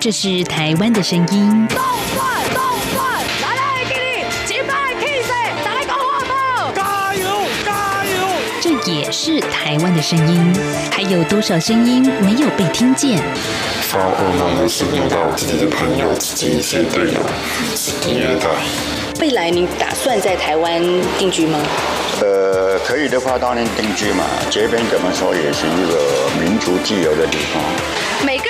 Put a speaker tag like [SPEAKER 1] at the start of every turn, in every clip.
[SPEAKER 1] 這是台灣的聲音。來來給你，再來加油加油！這也是台灣的聲音。還有多少聲音沒有被聽見？發朋友、未來你打算在台灣定居嗎？呃，可以的話當然定居嘛。這邊怎麼說也是一個民族自由的地方。每個。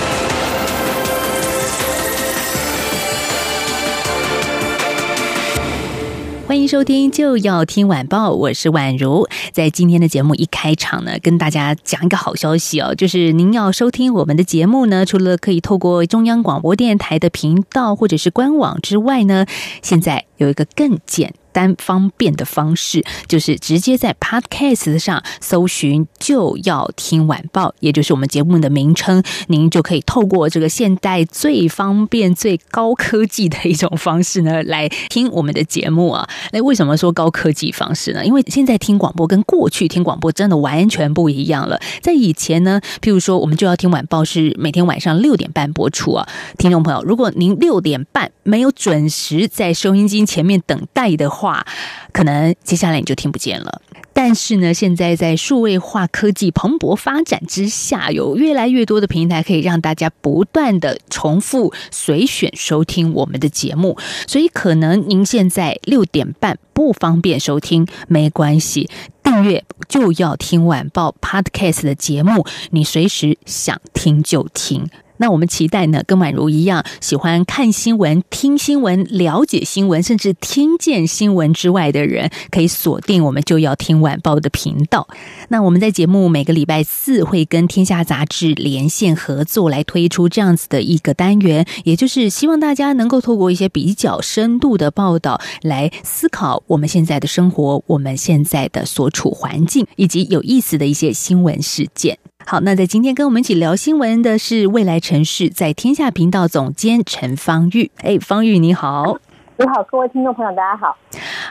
[SPEAKER 1] 歡迎收聽就要聽晚報，我是宛如。在今天的節目一開場呢，跟大家講一個好消息哦，就是您要收聽我們的節目呢，除了可以透過中央廣播電臺的頻道或者是官網之外呢，現在有一個更簡單。單方便的方式，就是直接在 Podcast 上搜尋就要聽晚報，也就是我們節目的名稱，您就可以透過這個現代最方便、最高科技的一種方式呢，來聽我們的節目啊。那為什麼說高科技方式呢？因為現在聽廣播跟過去聽廣播真的完全不一樣了。在以前呢，譬如說我們就要聽晚報是每天晚上六點半播出啊，聽眾朋友，如果您六點半沒有準時在收音機前面等待的話，話可能接下來你就聽不見了。但是呢，現在在數位化科技蓬勃發展之下，有越來越多的平台可以讓大家不斷的重複隨選收聽我們的節目。所以可能您現在六點半不方便收聽，沒關係，訂閱就要聽晚報 Podcast 的節目，你隨時想聽就聽。那我們期待呢，跟宛如一樣喜歡看新聞、聽新聞、了解新聞，甚至聽見新聞之外的人，可以鎖定我們就要聽晚報的頻道。那我們在節目每個禮拜四會跟天下雜志連線合作，來推出這樣子的一個單元，也就是希望大家能夠透過一些比較深度的報道，來思考我們現在的生活、我們現在的所處環境，以及有意思的一些新聞事件。好，那在今天跟我們一起聊新聞的是未來城市在天下頻道總監陳芳毓。哎、hey，芳毓你好。你好，各位聽眾朋友，大家好。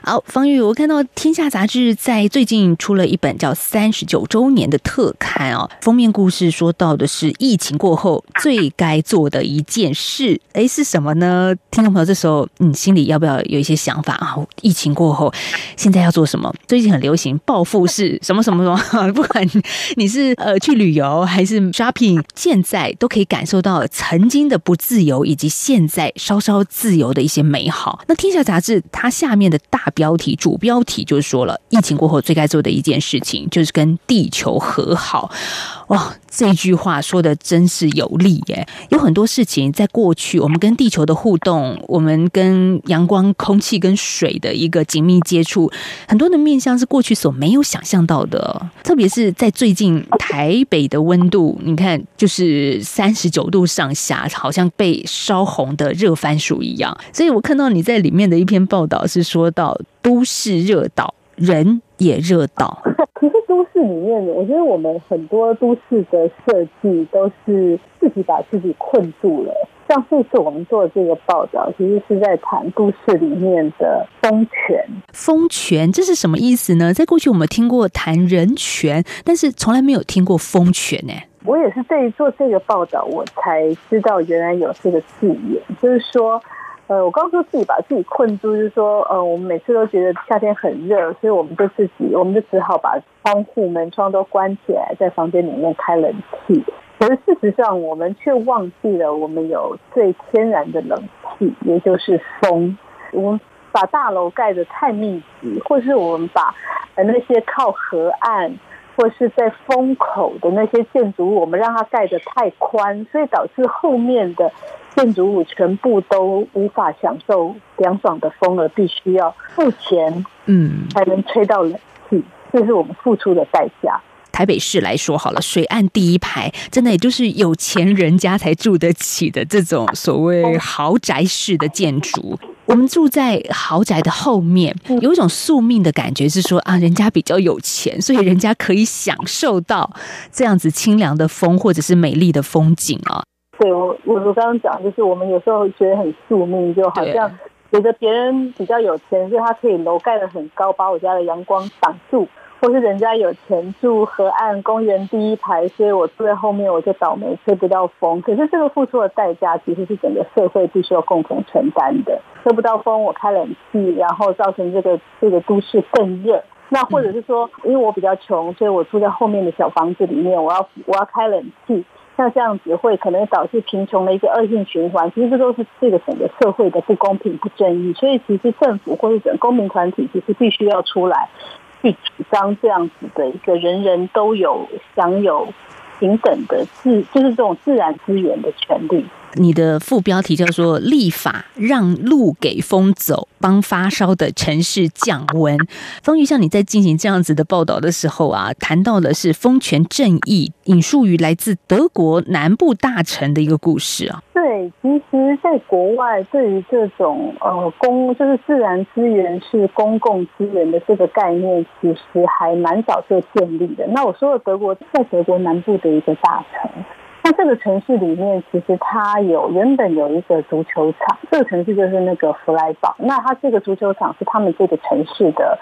[SPEAKER 1] 好，芳毓，我看到《天下》雜誌在最近出了一本叫《三十九周年》的特刊哦，封面故事說到的是疫情過後最該做的一件事，哎，是什麼呢？聽眾朋友，這時候你心裡要不要有一些想法啊？疫情過後，現在要做什麼？最近很流行報復式什麼什麼什麼，不管你是呃去旅遊還是 shopping，現在都可以感受到曾經的不自由，以及現在稍稍自由的一些美好。那聽《天下》雜誌它下面的大標題、主標題就是說了，疫情過後最該做的一件事情，就是跟地球和好。哇，這句話說的真是有力耶！有很多事情在過去，我們跟地球的互動，我們跟陽光、空氣、跟水的一個緊密接觸，很多的面向是過去所沒有想象到的。特別是在最近，台北的溫度，你看就是三十九度上下，好像被燒紅的熱番薯一樣。所以我看到你在裡面的一篇報道是說到，都市熱島，人也熱倒。
[SPEAKER 2] 都市裡面的，我覺得我們很多都市的設計都是自己把自己困住了。像這次我們做這個報道，其實是在談
[SPEAKER 1] 都市裡面的風權。風權這是什麼意思呢？在過去我們聽過談人權，但是從來沒有聽過風權呢。
[SPEAKER 2] 我也是對於做這個報道，我才知道原來有這個字眼，就是說。呃，我剛剛說自己把自己困住，就是說，呃，我們每次都覺得夏天很熱，所以我們就自己，我們就只好把窗戶、門窗都關起來，在房間裡面開冷氣。可是事實上，我們卻忘記了我們有最天然的冷氣，也就是風。我們把大樓蓋得太密集，或是我們把、呃、那些靠河岸或是在風口的那些建築物，我們讓它蓋得太寬，所以導致後面的。建築物全部都無法享受涼爽的風了，必須要付錢，嗯，
[SPEAKER 1] 才
[SPEAKER 2] 能吹到冷氣，嗯，這
[SPEAKER 1] 是我們付出的代價。台北市來說好了，水岸第一排真的也就是有錢人家才住得起的這種所謂豪宅式的建築。我們住在豪宅的後面，有一種宿命的感覺，是說啊，人家比較有錢，所以人家可以享受到這樣子清涼的風或者是美麗的風景啊。
[SPEAKER 2] 對我，我我剛剛講，就是我們有時候會覺得很宿命，就好像覺得別人比較有錢，所以他可以樓蓋得很高，把我家的陽光擋住，或是人家有錢住河岸公園第一排，所以我住在後面，我就倒霉，吹不到風。可是這個付出的代價其實是整個社會必須要共同承擔的，吹不到風，我開冷氣，然後造成這個這個都市更熱。那或者是說，因為我比較窮，所以我住在後面的小房子裡面，我要我要開冷氣。那這樣子會可能導致貧窮的一個惡性循環，其實這都是這個整個社會的不公平、不正義。所以其實政府或是整個公民團體，其實必須要出來去主張這樣子的一個人人都有享有平等的自，就是這種
[SPEAKER 1] 自然資源的權利。你的副標題叫做“立法讓路給風走，幫發燒的城市降溫”。芳毓像你在進行這樣子的報道的時候啊，談到的是“風權正義”，引述於來自德國南部大城的一個故事啊。
[SPEAKER 2] 對，其實在國外，對於這種呃公，就是自然資源是公共資源的這個概念，其實還蠻早就建立的。那我說的德國，在德國南部的一個大城。那這個城市裡面，其實它有原本有一個足球場。這個城市就是那個弗萊堡。那它這個足球場是他們這個城市的，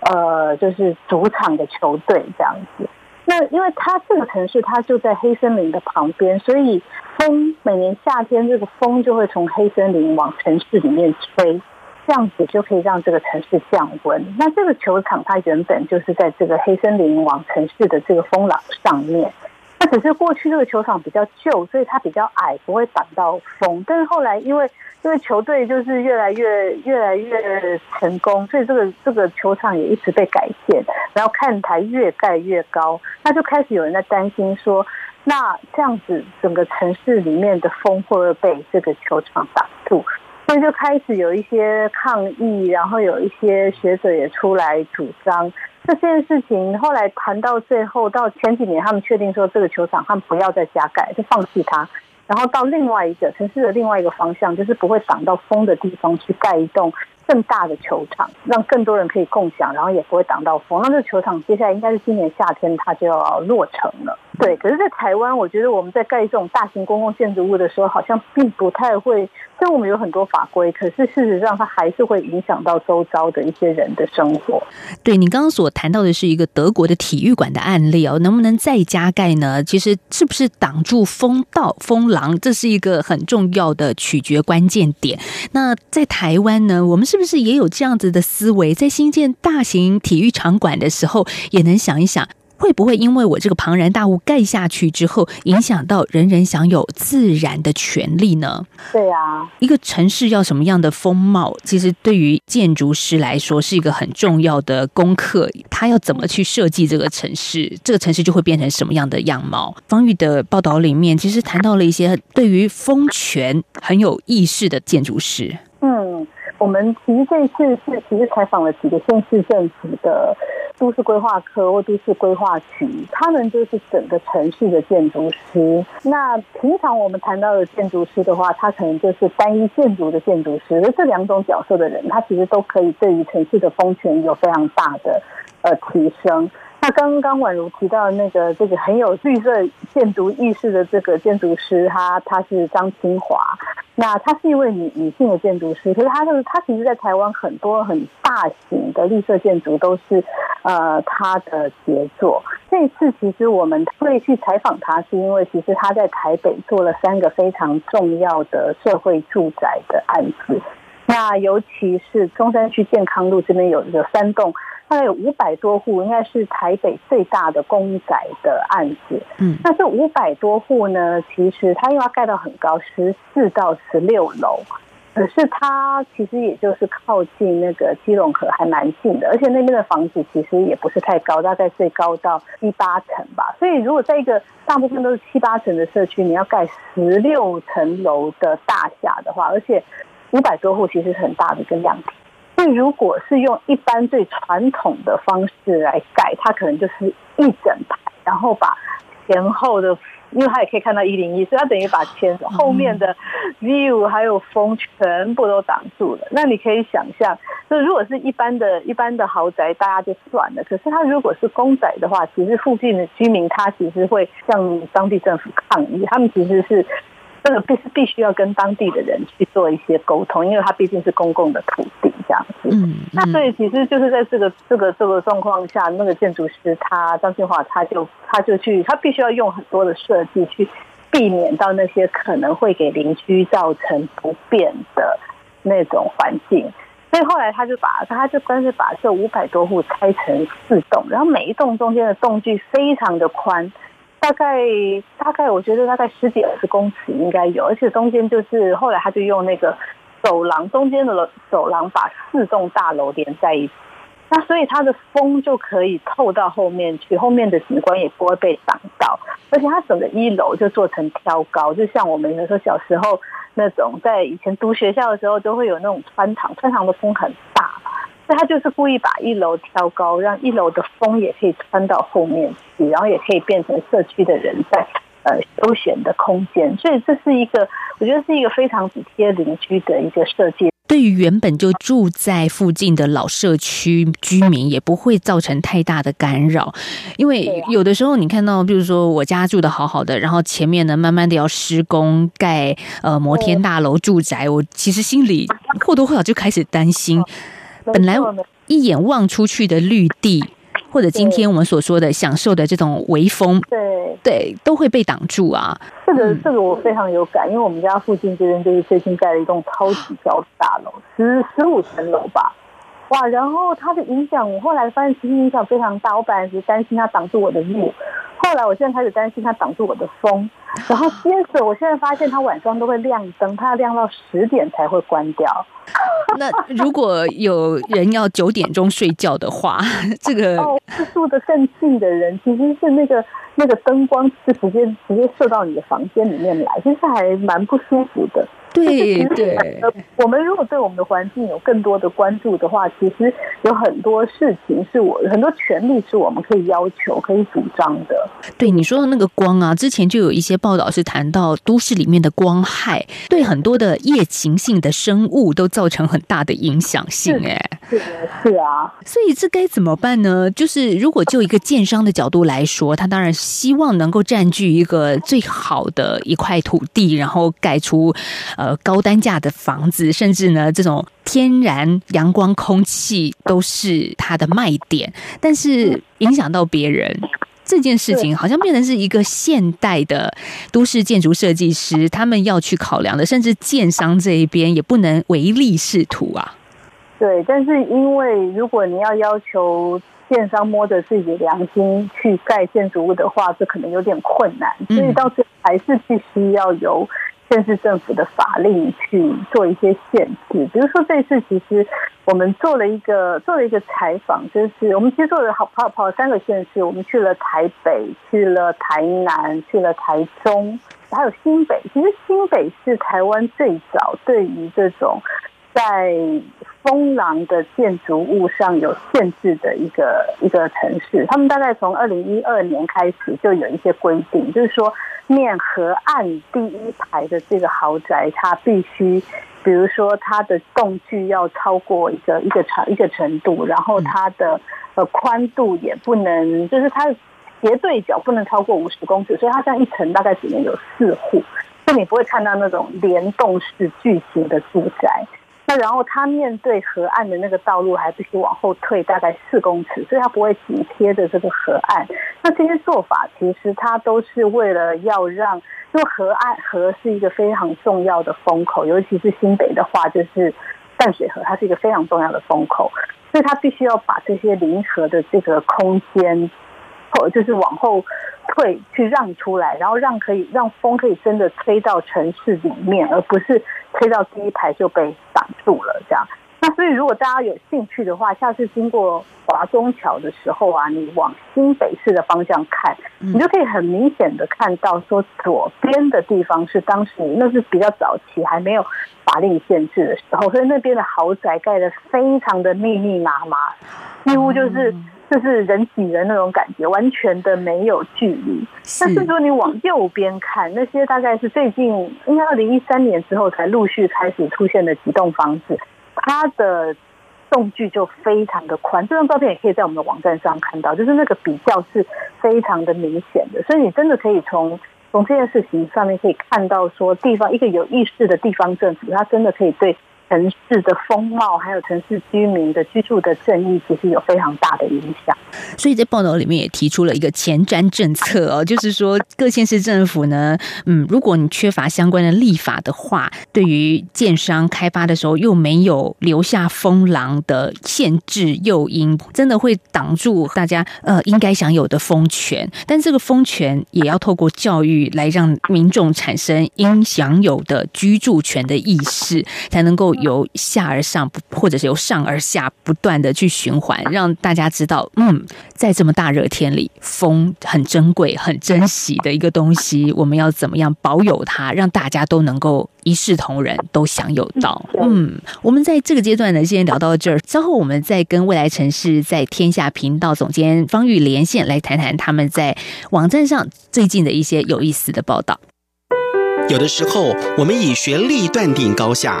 [SPEAKER 2] 呃，就是主場的球隊這樣子。那因為它這個城市它就在黑森林的旁邊，所以風每年夏天這個風就會從黑森林往城市裡面吹，這樣子就可以讓這個城市降溫。那這個球場它原本就是在這個黑森林往城市的這個風廊上面。可是過去這個球場比較舊，所以它比較矮，不會擋到風。但是後來因為因為球隊就是越來越越來越成功，所以這個這個球場也一直被改建，然後看台越蓋越高，那就開始有人在擔心說，那這樣子整個城市裡面的風會不會被這個球場擋住。就開始有一些抗議，然後有一些學者也出來主張這件事情。後來談到最後，到前幾年，他們確定說這個球場他們不要再加蓋，就放棄它。然後到另外一個城市的另外一個方向，就是不會擋到風的地方去蓋一棟更大的球場，讓更多人可以共享，然後也不會擋到風。那這個球場接下來應該是今年夏天它就要落成了。對，可是，在台灣，我覺得我們在蓋這種大型公共建築物的時候，好像並不太會。雖然我們有很多法規，可是事實上它還是會影響到周遭的一些人的生活。
[SPEAKER 1] 對，你剛剛所談到的是一個德國的體育館的案例哦，能不能再加蓋呢？其實是不是擋住風道、風廊，這是一個很重要的取決關鍵點。那在台灣呢，我們是。是不是也有這樣子的思維？在新建大型體育場館的時候，也能想一想，會不會因為我這個龐然大物蓋下去之後，影響到人人享有自然的權利呢？對啊，一個城市要什麼樣的風貌，其實對於建築師來說是一個很重要的功課。他要怎麼去設計這個城市，這個城市就會變成什麼樣的樣貌？芳毓的報道裡面，其實談到了一些對於風權很有意識的建築師。
[SPEAKER 2] 嗯。我們其實這次是其實採訪了幾個縣市政府的都市規劃科或都市規劃局，他們就是整個城市的建築師。那平常我們談到的建築師的話，他可能就是單一建築的建築師，而這兩種角色的人，他其實都可以對於城市的風權有非常大的，呃，提升。那剛剛婉如提到那個這個很有綠色建築意識的這個建築師，他他是張清華。那他是一位女女性的建築師，可是他就是他，其實在台灣很多很大型的綠色建築都是，呃，他的傑作。這一次其實我們會去採訪他，是因為其實他在台北做了三個非常重要的社會住宅的案子，那尤其是中山區健康路這邊有有三棟。大概有五百多戶，應該是台北最大的公宅的案子。嗯，那這五百多戶呢，其實它，因為要蓋到很高，十四到十六樓，可是它其實也就是靠近那個基隆河，還蠻近的。而且那邊的房子其實也不是太高，大概最高到七八層吧。所以如果在一個大部分都是七八層的社區，你要蓋十六層樓的大廈的話，而且五百多戶其實很大的一個量體。所以，如果是用一般最傳統的方式來蓋，它可能就是一整排，然後把前後的，因為它也可以看到一零一，所以它等於把前後面的 view 還有風全部都擋住了。嗯。那你可以想象，就如果是一般的、一般的豪宅，大家就算了。可是它如果是公宅的話，其實附近的居民，他其實會向當地政府抗議，他們其實是。這個必是必須要跟當地的人去做一些溝通，因為他畢竟是公共的土地這樣子。嗯，嗯那所以其實就是在這個這個這個狀況下，那個建築師他，張俊華他就他就去他必須要用很多的設計去避免到那些可能會給鄰居造成不便的那種環境。所以後來他就把他就乾脆把這五百多戶拆成四棟，然後每一棟中間的棟距非常的寬。大概大概，大概我覺得大概十幾二十公尺應該有，而且中間就是後來他就用那個走廊中間的樓走廊把四棟大樓連在一起，那所以它的風就可以透到後面去，後面的景觀也不會被擋到，而且它整個一樓就做成挑高，就像我們那時候小時候那種在以前讀學校的時候都會有那種穿堂，穿堂的風很大。所以他就是故意把一樓挑高，讓一樓的風也可以穿到後面去，然後也可以變成社區的人在呃休閒的空
[SPEAKER 1] 間。所以這是一個，我覺得是一個非常體貼鄰居的一個設計。對於原本就住在附近的老社區居民，也不會造成太大的干擾，因為有的時候你看到，比如說我家住的好好的，然後前面呢慢慢的要施工蓋呃摩天大樓住宅，嗯、我其實心裡或多或少就開始擔心。嗯本來一眼望出去的綠地，對或者今天我們所說的享受的這種微風，對對，都會被擋住啊。這個
[SPEAKER 2] 這個我非常有感，嗯、因為我們家附近這邊就是最近蓋了一棟超級高的大樓，十十五層樓吧，哇！然後它的影響，我後來發現其實影響非常大，我本來是擔心它擋住我的路。後來，我現在開始擔心它擋住我的風。然後，接着我現在發現它晚上都會亮燈，它要亮到十點才會關掉。
[SPEAKER 1] 那如果有人要九點鐘睡覺的話， 這個哦，住的
[SPEAKER 2] 更近的人其實是那個那個燈光是直接直接射到你的房間裡面來，其實還蠻不舒服的。對對， 我們如果對我們的環境有更多的關注的話，其實有很多事情是我很多權利是我們可以要求、可以主張的。
[SPEAKER 1] 對你說的那個光啊，之前就有一些報道是談到都市裡面的光害，對很多的夜行性的生物都造成很大的影響性，誒是啊，所以這該怎麼辦呢？就是如果就一個建商的角度來說，他當然希望能夠佔據一個最好的一塊土地，然後蓋出呃高單價的房子，甚至呢這種天然陽光、空氣都是他的賣點。但是影響到別人這件事情，好像變成是一個現代的都市建築設計師他們要去考量的，甚至建商這一邊也不能唯利是圖啊。
[SPEAKER 2] 對，但是因為如果你要要求建商摸着自己的良心去蓋建築物的話，這可能有點困難，所以到最後還是必須要由縣市政府的法令去做一些限制。比如說這次，其實我們做了一個做了一個採訪，就是我們其實做了好跑跑三個縣市，我們去了台北，去了台南，去了台中，還有新北。其實新北是台灣最早對於這種。在風廊的建築物上有限制的一個一個城市，他們大概從二零一二年開始就有一些規定，就是說面河岸第一排的這個豪宅，它必須，比如說它的棟距要超過一個一個長一個程度，然後它的呃寬度也不能，就是它斜對角不能超過五十公尺，所以它這樣一層大概只能有四戶，所以你不會看到那種聯動式巨型的住宅。那然後，它面對河岸的那個道路還必須往後退大概四公尺，所以它不會緊貼着這個河岸。那這些做法其實它都是為了要讓，因為河岸河是一個非常重要的風口，尤其是新北的話，就是淡水河，它是一個非常重要的風口，所以它必須要把這些臨河的這個空間或、哦、就是往後。退去讓出來，然後讓可以讓風可以真的吹到城市裡面，而不是吹到第一排就被擋住了。這樣，那所以如果大家有興趣的話，下次經過華中橋的時候啊，你往新北市的方向看，你就可以很明顯的看到說，左邊的地方是當時那是比較早期還沒有法令限制的時候，所以那邊的豪宅蓋得非常的密密麻麻，幾乎就是。就是人擠人那種感覺，完全的沒有距離。但是如果你往右邊看，那些大概是最近應該二零一三年之後才陸續開始出現的幾棟房子，它的棟距就非常的寬。這張照片也可以在我們的網站上看到，就是那個比較是非常的明顯的。所以你真的可以從從這件事情上面可以看到說，說地方一個有意識的地方政府，它真的可以對。城市的風貌，還有城市居民的居住的正義，其實有非常
[SPEAKER 1] 大的影響。所以在報道裡面也提出了一個前瞻政策哦，就是說各縣市政府呢，嗯，如果你缺乏相關的立法的話，對於建商開發的時候又沒有留下風廊的限制誘因，真的會擋住大家呃應該享有的風權。但這個風權也要透過教育來讓民眾產生應享有的居住權的意識，才能夠。由下而上，不，或者是由上而下，不斷的去循環，讓大家知道，嗯，在這麼大熱天裡，風很珍貴、很珍惜的一個東西，我們要怎麼樣保有它，讓大家都能夠一視同仁，都享有到。嗯，我們在這個階段呢，先聊到這兒，稍後我們再跟未來城市在天下頻道總監芳毓連線，來談談他們在網站上最近的一些有意思的報道。
[SPEAKER 2] 有的時候，我們以學歷斷定高下。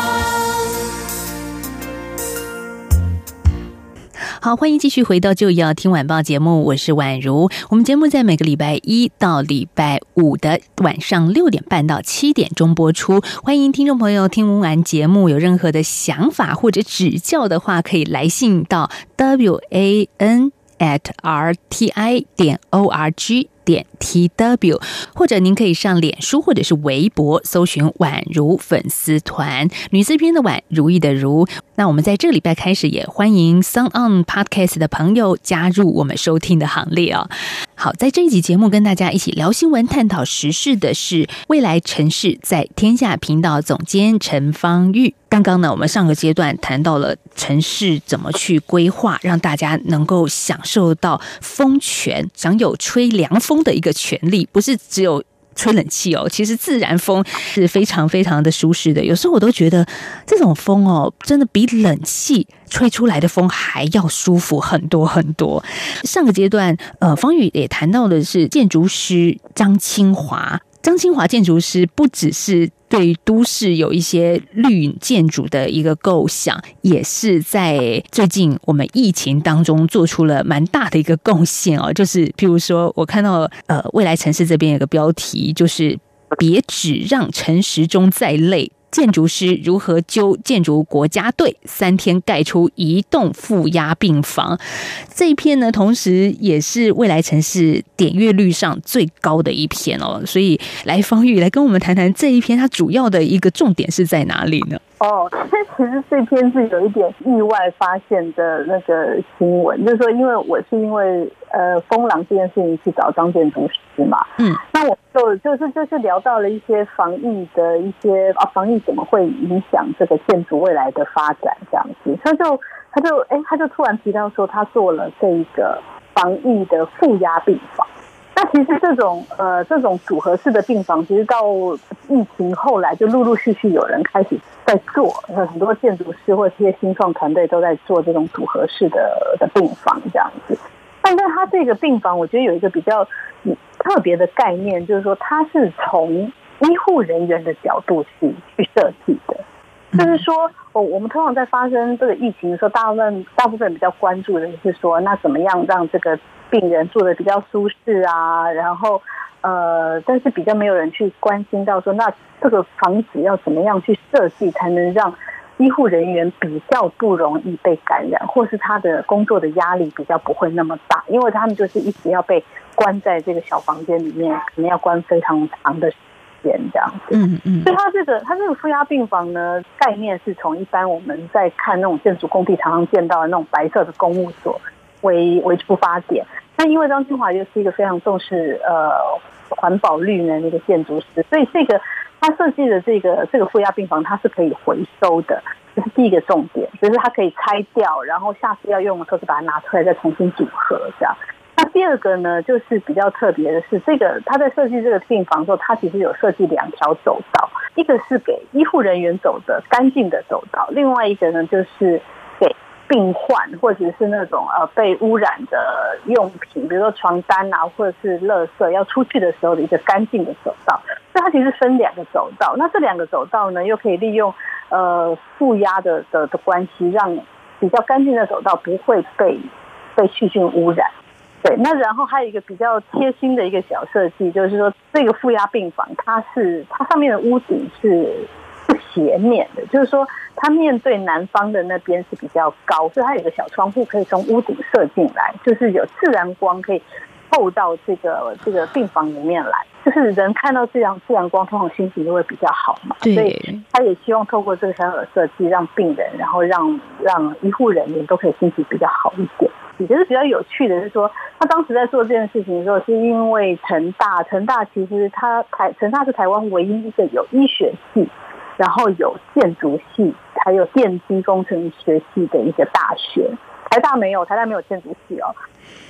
[SPEAKER 1] 好，歡迎繼續回到《就要聽晚報》節目，我是宛如。我們節目在每個禮拜一到禮拜五的晚上六點半到七點鐘播出。歡迎聽眾朋友聽完節目，有任何的想法或者指教的話，可以來信到 w a n at r t i 點 o r g 點。T W，或者您可以上臉書或者是微博搜尋“宛如粉絲團”女字邊的“宛如意”的“如”。那我們在這個禮拜開始，也歡迎 SoundOn Podcast 的朋友加入我們收聽的行列哦。好，在這一集節目跟大家一起聊新聞、探討時事的是未來城市在天下頻道總監陳芳毓。剛剛呢，我們上個階段談到了城市怎麼去規劃，讓大家能夠享受到風權、享有吹涼風的一個。權利不是只有吹冷氣哦，其實自然風是非常非常的舒適的。有時候我都覺得這種風哦，真的比冷氣吹出來的風還要舒服很多很多。上個階段，呃，芳毓也談到的是建築師張清華，張清華建築師不只是。對於都市有一些綠建築的一個構想，也是在最近我們疫情當中做出了蠻大的一個貢獻哦。就是譬如說，我看到呃，未來城市這邊有個標題，就是別只讓陳時中在累。建築師如何揪建築國家隊三天蓋出移動負壓病房？這一篇呢，同時也是未來城市點閱率上最高的一篇哦，所以來芳毓來跟我們談談這一篇它主要的一個重點是在哪裡呢？
[SPEAKER 2] 哦，其實這篇是有一點意外發現的那個新聞，就是說，因為我是因為呃，風廊這件事情去找張建築師嘛，嗯，那我就就是就是聊到了一些防疫的一些啊，防疫怎麼會影響這個建築未來的發展這樣子，所以就他就哎、欸，他就突然提到說他做了這個防疫的負壓病房。那其實這種呃，這種組合式的病房，其實到疫情後來，就陸陸續續有人開始在做，很多建築師或這些新創團隊都在做這種組合式的的病房這樣子。但是他這個病房，我覺得有一個比較特別的概念，就是說，它是從醫護人員的角度去去設計的。就是說，哦，我們通常在發生這個疫情的時候，大部分大部分比較關注的是說，那怎麼樣讓這個。病人住的比較舒適啊，然後，呃，但是比較沒有人去關心到說，那這個房子要怎麼樣去設計，才能讓醫護人員比較不容易被感染，或是他的工作的壓力比較不會那麼大，因為他們就是一直要被關在這個小房間裡面，可能要關非常長的時間這樣子。嗯嗯，所以他這個他這個負壓病房呢，概念是從一般我們在看那種建築工地常常見到的那種白色的公務所。為為出發點，那因為張清華又是一個非常重視呃環保、綠色的一個建築師，所以這個他設計的這個這個負壓病房，它是可以回收的，這是第一個重點，就是它可以拆掉，然後下次要用的時候把它拿出來再重新組合這樣。那第二個呢，就是比較特別的是，這個他在設計這個病房的時候，他其實有設計兩條走道，一個是給醫護人員走的乾淨的走道，另外一個呢就是。病患或者是那種呃、被污染的用品，比如說床單啊，或者是垃圾，要出去的時候的一個乾淨的走道。所以它其實分兩個走道。那這兩個走道呢，又可以利用呃負壓的的的的關係，讓比較乾淨的走道不會被被細菌污染。對，那然後還有一個比較貼心的一個小設計，就是說這個負壓病房，它是它上面的屋頂是。斜面的，就是說，他面對南方的那邊是比較高，所以他有個小窗戶，可以從屋頂射進來，就是有自然光可以透到這個這個病房裡面來。就是人看到自然自然光，通常心情就會比較好嘛。所以他也希望透過這個小小的設計，讓病人，然後讓讓醫護人員都可以心情比較好一點。覺得比較有趣的是說，他當時在做這件事情的時候，是因為成大，成大其實他台成大是台灣唯一一個有醫學系，然後有建築系，還有電機工程學系的一個大學，台大沒有，台大沒有建築系哦。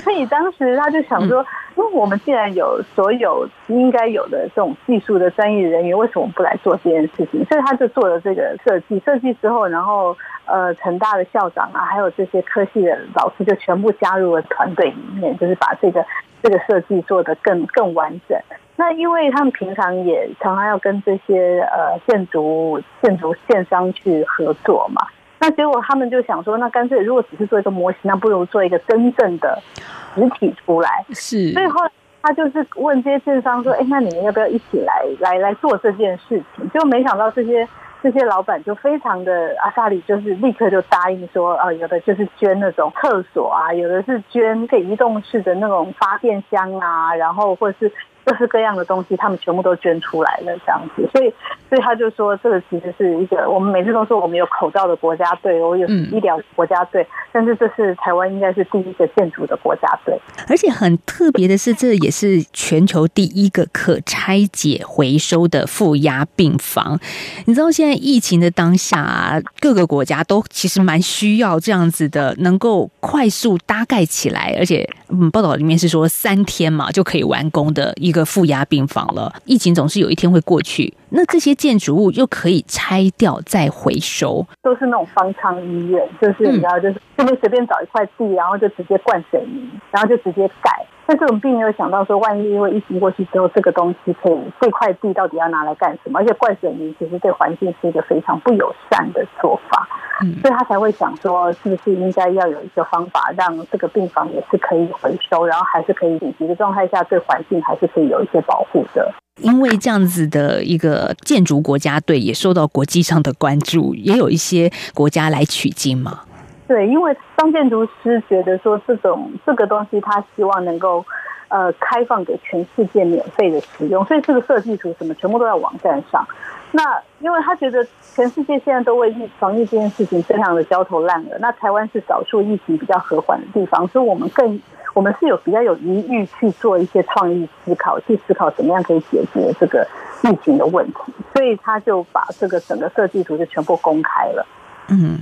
[SPEAKER 2] 所以當時他就想說，因為我們既然有所有應該有的這種技術的專業人員，為什麼不來做這件事情？所以他就做了這個設計。設計之後，然後呃，成大的校長啊，還有這些科系的老師，就全部加入了團隊裡面，就是把這個這個設計做得更更完整。那因為他們平常也常常要跟這些呃建築建築建商去合作嘛，那結果他們就想說，那乾脆如果只是做一個模型，那不如做一個真正的實體出來。是，所以後來他就是問這些建商說：“哎、欸，那你們要不要一起來來來做這件事情？”就沒想到這些這些老闆就非常的阿薩里，就是立刻就答應說：“啊、呃，有的就是捐那種廁所啊，有的是捐給移動式的那種發電箱啊，然後或者是。”各式各樣的東西，他們全部都捐出來了，這樣子。所以，所以他就說，這個其實是一個我們每次都說我們有口罩的國家隊，我有醫療國家隊，但是這是台灣應該是第一個建築的國家隊。
[SPEAKER 1] 而且很特別的是，這也是全球第一個可拆解、回收的負壓病房。你知道，現在疫情的當下啊，各個國家都其實蠻需要這樣子的，能夠快速搭蓋起來，而且，嗯，報道裡面是說三天嘛就可以完工的一個負壓病房了。疫情總是有一天會過去。那這些建築物又可以拆掉再回收，
[SPEAKER 2] 都是那種方艙醫院，就是你知道，嗯、就是隨便隨便找一塊地，然後就直接灌水泥，然後就直接蓋。但這種並沒有想到說，萬一因為疫情過去之後，這個東西可以這塊地到底要拿來幹什麼？而且灌水泥其實對環境是一個非常不友善的做法，嗯、所以他才會想說，是不是應該要有一個方法，讓這個病房也是可以回收，然後還是可以緊急的狀態下，對環境還是可以有一些保護的。
[SPEAKER 1] 因為這樣子的一個建築國家隊也受到國際上的關注，也有一些國家來取經嘛。
[SPEAKER 2] 對，因為張建築師覺得說這種這個東西，他希望能夠，呃，開放給全世界免費的使用，所以這個設計圖什麼全部都在網站上。那因為他覺得全世界現在都為疫防疫這件事情非常的焦頭爛額，那台灣是少數疫情比較和緩的地方，所以我們更我們是有比較有餘裕去做一些創意思考，去思考怎麼樣可以解決這個疫情的問題，所以他就把這個整個設計圖就全部公開了。
[SPEAKER 1] 嗯，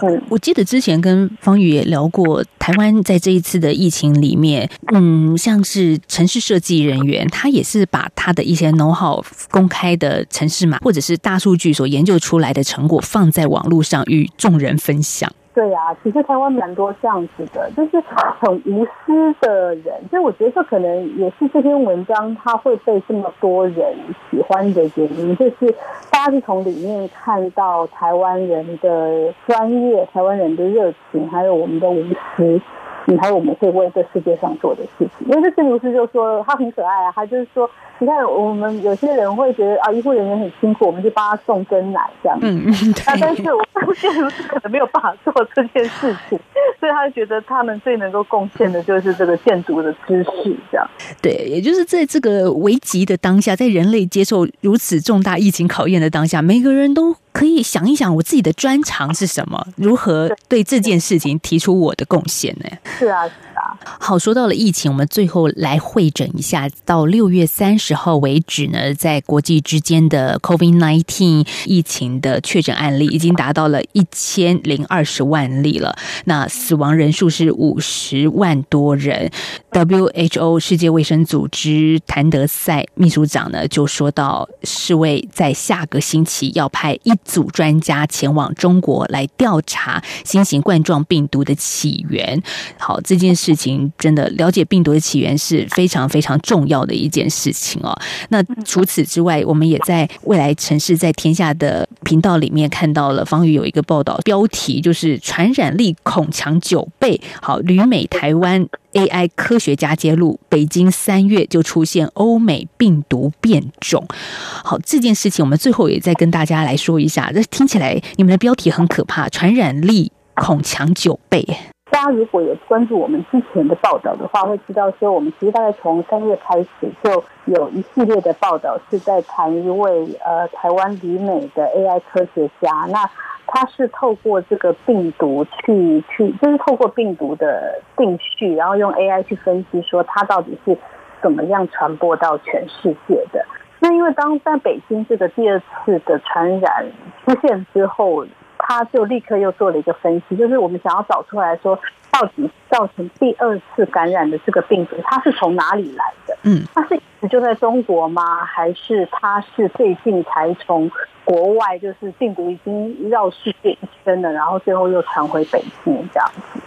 [SPEAKER 1] 我我記得之前跟芳毓也聊過，台灣在這一次的疫情裡面，嗯，像是城市設計人員，他也是把他的一些 know-how 公開的城市嘛，或者是大數據所研究出來的成果，放在網絡上與眾人分享。
[SPEAKER 2] 對啊，其實台灣蠻多這樣子的，就是很無私的人。所以我覺得這可能也是這篇文章它會被這麼多人喜歡的原因，就是大家是從裡面看到台灣人的專業、台灣人的熱情，還有我們的無私。你孩，我們可以為這世界上做的事情。因為這建築師就說他很可愛啊，他就是說，你看我們有些人會覺得啊，醫護人員很辛苦，我們就幫他送根奶這樣。嗯嗯。但是我發現建築師可能沒有辦法做這件事情，所以他就覺得他們最能夠貢獻的就是這個建築的知識這樣。
[SPEAKER 1] 對， 也就是在這個危急的當下，在人類接受如此重大疫情考驗的當下，每個人都。可以想一想，我自己的專長是什麼？如何對這件事情提出我的貢獻呢？是啊，是啊。好，說到了疫情，我們最後來會診一下。到六月三十號為止呢，在國際之間的 COVID-19 疫情的確診案例已經達到了一千零二十萬例了。那死亡人數是五十萬多人。WHO 世界衛生組織譚德塞秘書長呢就說到，世衛在下個星期要派一組專家前往中國來調查新型冠狀病毒的起源。好，這件事情真的了解病毒的起源是非常非常重要的一件事情哦。那除此之外，我們也在未來城市在天下的頻道裡面看到了芳毓有一個報道，標題就是“傳染力恐強九倍”。好，旅美台灣。AI 科學家揭露，北京三月就出現歐美病毒變種。好，這件事情我們最後也再跟大家來說一下。這聽起來你們的標題很可怕，傳染力恐強九倍。
[SPEAKER 2] 大家如果有關注我們之前的報道的話，會知道說，我們其實大概從三月開始就有一系列的報道是在談一位呃台灣離美的 AI 科學家。那他是透過這個病毒去去，就是透過病毒的定序，然後用 AI 去分析說他到底是怎麼樣傳播到全世界的。那因為當在北京這個第二次的傳染出現之後。他就立刻又做了一個分析，就是我們想要找出來說，到底造成第二次感染的這個病毒，它是從哪裡來的？嗯，它是一直就在中國嗎？還是它是最近才從國外，就是病毒已經繞世界一圈了，然後最後又傳回北京這樣子？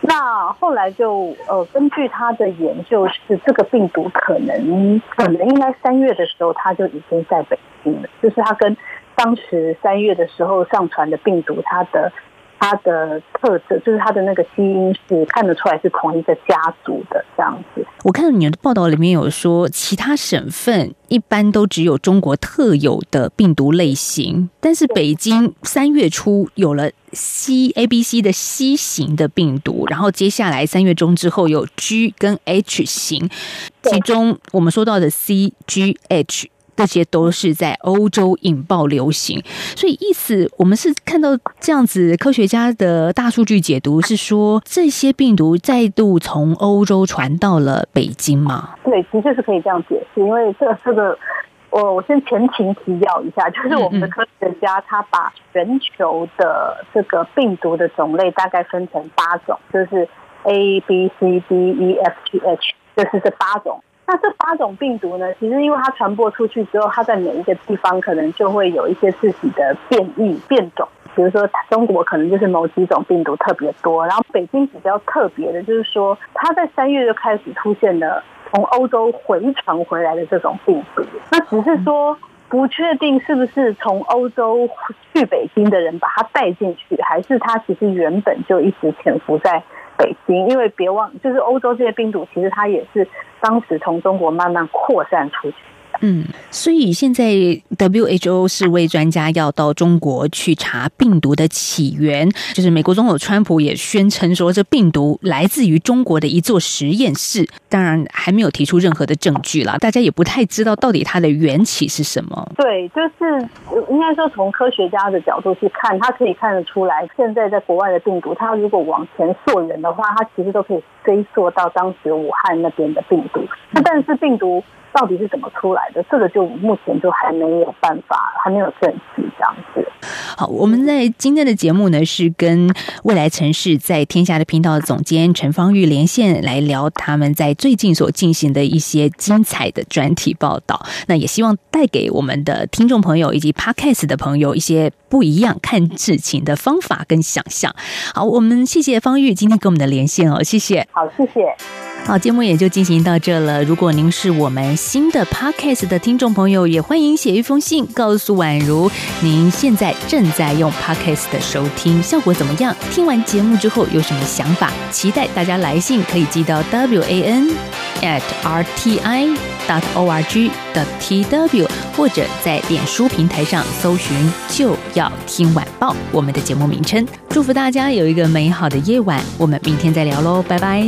[SPEAKER 2] 那後來就呃，根據他的研究，是這個病毒可能可能應該三月的時候，他就已經在北京了，就是他跟。當時三月的時候上傳的病毒它的，它的它的特色就是它的那個基因是看得出來是同一個家族的這樣
[SPEAKER 1] 子。我看到你的報道裡面有說，其他省份一般都只有中國特有的病毒類型，但是北京三月初有了 CABC 的 C 型的病毒，然後接下來三月中之後有 G 跟 H 型，其中我們說到的 CGH。這些都是在歐洲引爆流行，所以意思我們是看到這樣子科學家的大數據解讀是說，這些病毒再度從歐洲傳到了北京嗎？
[SPEAKER 2] 對，其實是可以這樣解釋，因為這個、這個我我先前情提要一下，就是我們的科學家他把全球的這個病毒的種類大概分成八種，就是 A B C D E F G H，就是這八種。那這八種病毒呢，其實因為它傳播出去之後，它在每一個地方可能就會有一些自己的變異變種。比如說，中國可能就是某幾種病毒特別多，然後北京比較特別的就是說，它在三月就開始出現了從歐洲回傳回來的這種病毒。那只是說不確定是不是從歐洲去北京的人把它帶進去，還是它其實原本就一直潛伏在北京，因為別忘，就是歐洲這些病毒，其實它也是當時從中國慢慢擴散出去。
[SPEAKER 1] 嗯，所以現在 WHO 是位專家要到中國去查病毒的起源，就是美國總統的川普也宣稱說，這病毒來自於中國的一座實驗室，當然還沒有提出任何的證據啦，大家也不太知道到底它的緣起是什麼。
[SPEAKER 2] 對，就是應該說，從科學家的角度去看，他可以看得出來，現在在國外的病毒，它如果往前溯源的話，它其實都可以追溯到當時武漢那邊的病毒。那但是病毒。到底是怎麼出來的？這個就目前就還沒有辦法，還沒有正式。
[SPEAKER 1] 這樣子。好，我們在今天的節目呢，是跟未來城市在天下的頻道的總監陳芳毓連線來聊他們在最近所進行的一些精彩的專題報道。那也希望帶給我們的聽眾朋友以及 Podcast 的朋友一些不一樣看事情的方法跟想象。好，我們謝謝芳毓今天給我們的連線哦，謝謝。好，謝謝。好，節目也就進行到這了。如果您是我們。新的 podcast 的聽眾朋友也歡迎寫一封信告訴宛如，您現在正在用 podcast 的收聽效果怎麼樣？聽完節目之後有什麼想法？期待大家來信，可以寄到 wan at rti org 的 tw 或者在臉書平台上搜尋就要聽晚報，我們的節目名稱。祝福大家有一個美好的夜晚，我們明天再聊嘍，拜拜。